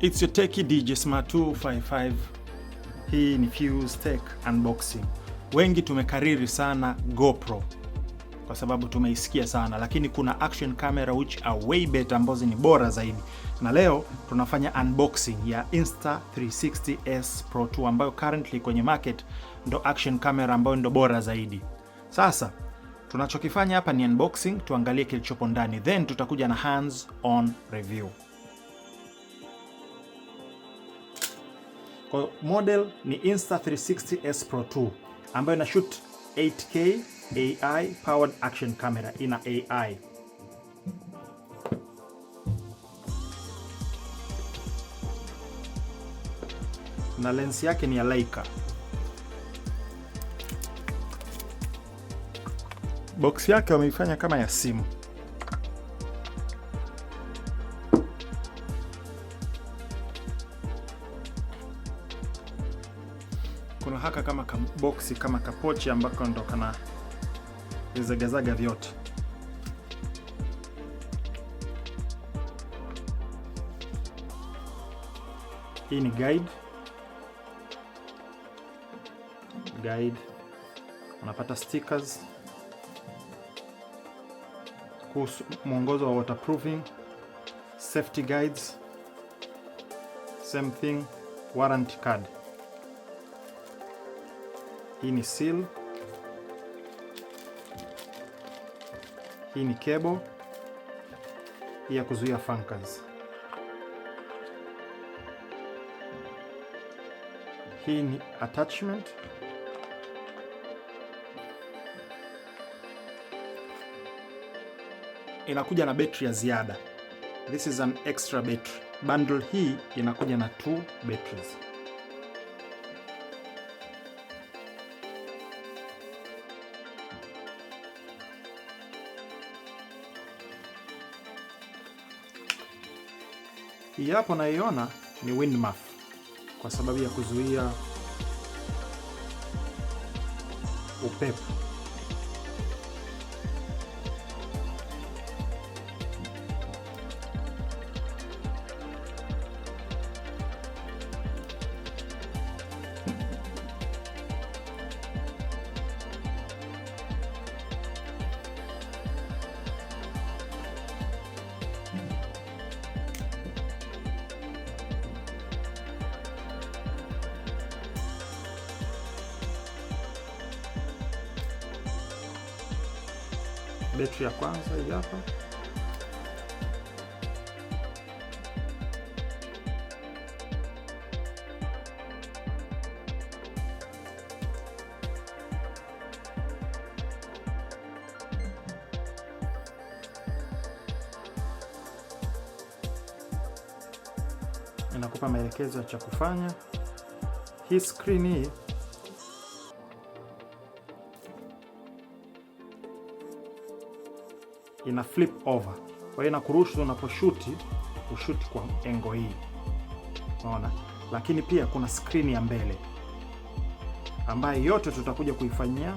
It's your Tech DJ Smart 255. Hii ni Fuse Tech unboxing. Wengi tumekariri sana GoPro kwa sababu tumeisikia sana, lakini kuna action camera which are way better ambazo ni bora zaidi, na leo tunafanya unboxing ya Insta360S Pro 2 ambayo currently kwenye market ndo action camera ambayo ndo bora zaidi. Sasa tunachokifanya hapa ni unboxing, tuangalie kilichopo ndani, then tutakuja na hands on review. Kwa model ni Insta360 S Pro 2 ambayo ina shoot 8K AI powered action camera, ina AI. Na lensi yake ni ya Leica. Box yake wameifanya kama ya simu. kuna haka kama boksi kama kapochi ambako ndo kana vizagazaga vyote. Hii ni guide. Guide. Unapata stickers kuhusu mwongozo wa waterproofing, safety guides, same thing, warranty card. Hii ni seal. Hii ni cable ya kuzuia funkers. Hii ni attachment. Inakuja na betri ya ziada. This is an extra battery. Bundle hii inakuja na two batteries. Hii hapo naiona ni windmuff kwa sababu ya kuzuia upepo. betri ya kwanza hii hapa. inakupa maelekezo ya cha kufanya. Hii screen hii ina flip over, kwa hiyo inakuruhusu unaposhuti ushuti kwa engo hii, unaona. Lakini pia kuna skrini ya mbele ambayo yote tutakuja kuifanyia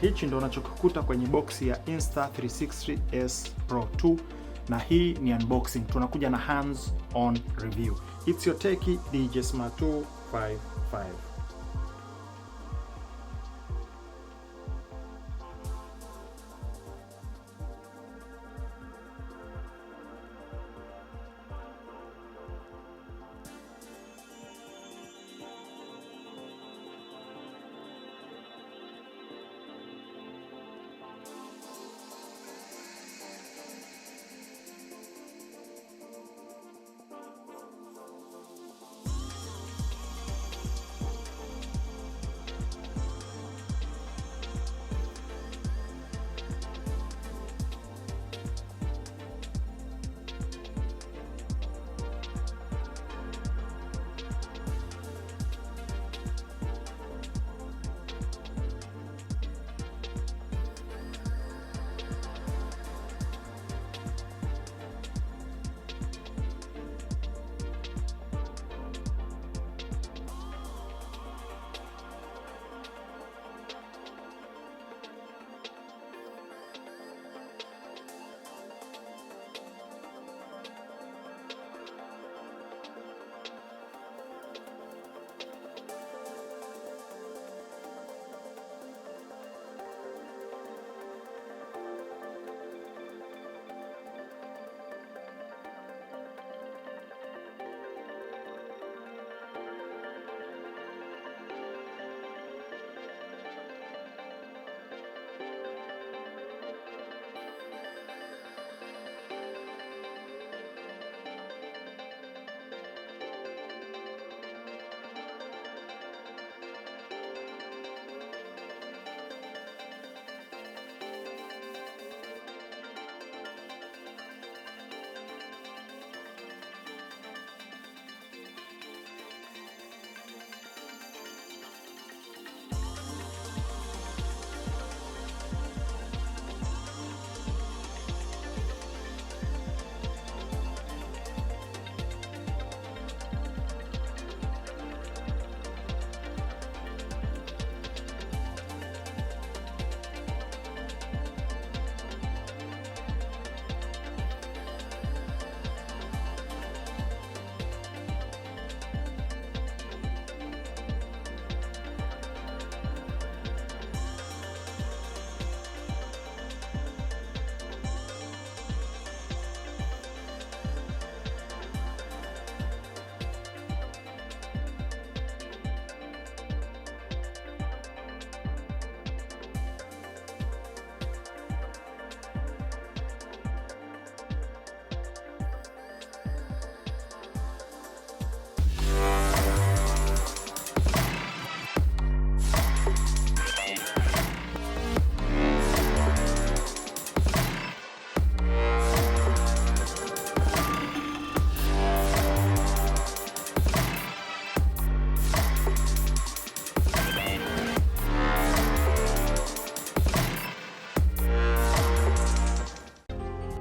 hichi ndo unachokikuta kwenye boksi ya Insta360s Pro 2 na hii ni unboxing, tunakuja na hands on review. It's your techie DJ Smart 255.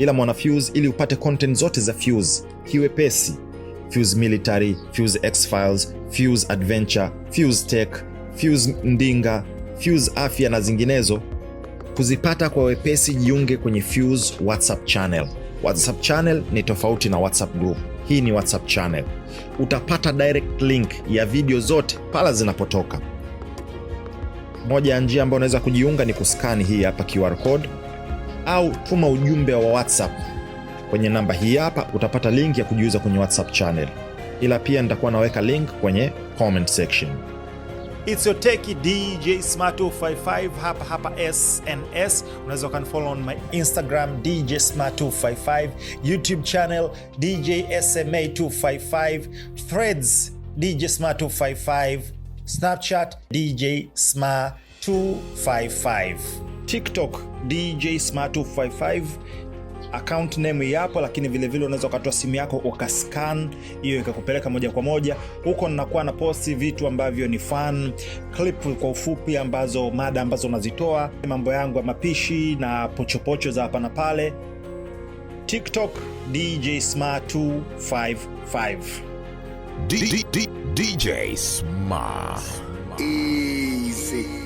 ila mwana Fuse, ili upate content zote za Fuse kiwepesi: Fuse Military, Fuse X-Files, Fuse Adventure, Fuse Tech, Fuse Ndinga, Fuse Afya na zinginezo. Kuzipata kwa wepesi, jiunge kwenye Fuse WhatsApp channel. WhatsApp channel ni tofauti na WhatsApp group. Hii ni WhatsApp channel, utapata direct link ya video zote pala zinapotoka. Moja ya njia ambayo unaweza kujiunga ni kuskani hii hapa QR code au tuma ujumbe wa WhatsApp kwenye namba hii hapa. Utapata link ya kujiuza kwenye WhatsApp channel, ila pia nitakuwa naweka link kwenye comment section. It's your techy DJ Smart 55 hapa hapa SNS. Unaweza follow on my Instagram DJ Smart 255, YouTube channel DJ SMA 255, Threads DJ Smart 255, Snapchat DJ Smart 255. TikTok DJ Smart 255 account name yapo, lakini vilevile unaweza ukatoa simu yako ukascan hiyo ikakupeleka moja kwa moja huko. nnakuwa na posti vitu ambavyo ni fan clip kwa ufupi, ambazo mada ambazo unazitoa, mambo yangu ya mapishi na pochopocho za hapa na pale. TikTok DJ Smart 255 DJ Smart Easy.